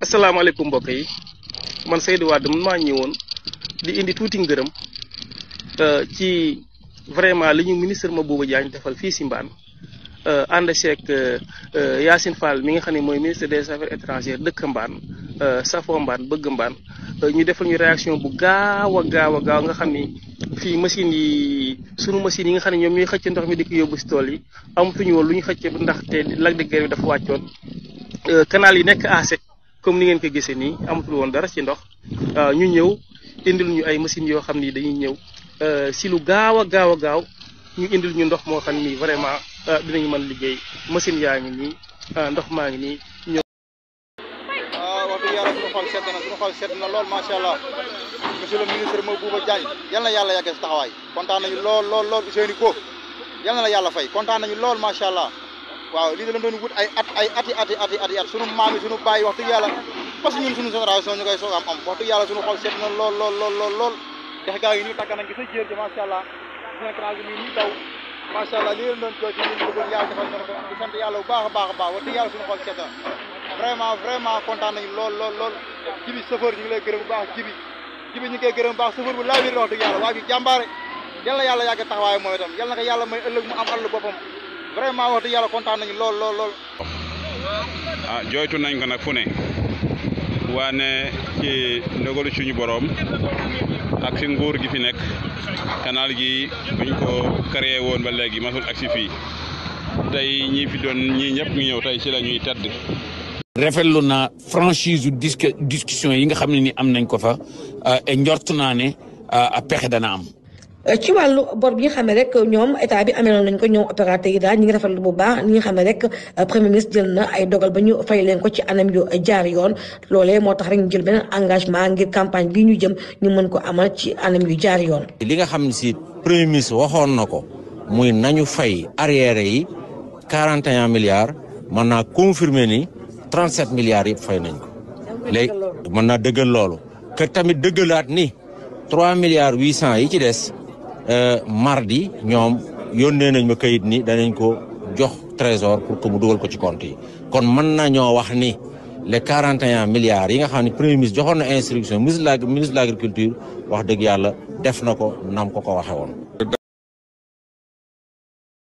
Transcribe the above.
asalaamaaleykum mbokk yi man Seydou Wade man maa ñëwoon di indi tuuti ngërëm euh, ci vraiment li ñu ministre Mabouba Diagne defal fii si Mbane euh, ànd ceeg euh, Yacine Fall mi nga xam ne mooy ministre des affaires étrangères dëkk Mbane safoo Mbane bëgg Mbane ñu defal ñu réaction bu gaaw a gaaw a gaaw nga xam ni fii machine yi sunu machine yi nga xam ne ñoom ñooy xëcc ndox mi di ko yóbbu si tool yi amatuñu woon lu ñu xëcc ndaxte Lac de Guiers bi dafa wàccoon canal yi nekk comme ni ngeen ko gisee nii amatul woon dara ci ndox euh, ñu ñëw indil ñu ay machines yoo xam ni dañuy ñëw euh, si lu gaaw a gaaw a gaaw ñu indil ñu ndox moo xam ni vraiment euh, dinañu man liggéey machine yaa ngi nii ndox maa ngi nii ñëw. Ah, yal na yàlla yàggal si taxawaay kontaan nañu lool lool lool Ousseynou Ko yal na la yàlla fay kontaan nañu lool macha allah. waaw lii da lañ doon wut ay at ay at sunu maam sunu baay wax dëgg yàlla ñun sunu génération ñu koy soog am am wax sunu xol seet lool lool lool lool lool dex gaa yi ñu tàgg nañ jéer ji macha allah général bi nii daw macha allah lii lañ doon jooy ci ñun bëggoon yàlla defal ko di sant yàlla baax a baax baax wax dëgg yàlla sunu xol seet na vraiment vraiment kontaan nañu lool lool lool jibi chauffeur ñu ngi gërëm bu baax jibi jibi ñu ngi gërëm baax chauffeur bu laa biir wax dëgg yàlla waa yàlla yàgg taxawaay vraiment wax dëgg yàlla kontaan ah, jooytu nañ ko nag fu ne waane ci ndogalu suñu boroom ak si nguur gi fi nekk kanaal gi buñ ko créé woon ba léegi masul ak si fii tey ñii fi doon ñii ñëpp ñu ñëw tey ci la ñuy tedd. rafetlu naa franchise disque discussion yi nga xam ne ni am nañ ko fa ah, njort naa ne ah, pexe dana am. ci wàllu bor bi nga xam ne rek ñoom état bi ameeloon nañ ko ñoom opérateur yi daal ñi ngi rafetlu bu baax ñi nga xam ne rek premier ministre jël na ay dogal ba ñu fay leen ko ci anam yu jaar yoon loolee moo tax rek ñu jël beneen engagement ngir campagne bi ñu jëm ñu mën ko amal ci anam yu jaar yoon. li nga xam ne si premier ministre waxoon na ko muy nañu fay arrière yi 41 milliards mën naa confirmer ni 37 milliards yëpp fay nañ ko. léegi mën naa dëggal loolu. que tamit dëggalaat ni 3 milliards 800 yi ci des. Euh, mardi ñoom yónnee nañ ma kayit ni danañ ko jox trésor pour que mu dugal ko ci compte yi kon mën nañoo wax ni le quarante et un milliards yi nga xam ne premier ministre joxoon na instruction ministre de la ministre de l'agriculture wax dëgg yàlla def na ko nam ko ko waxe woon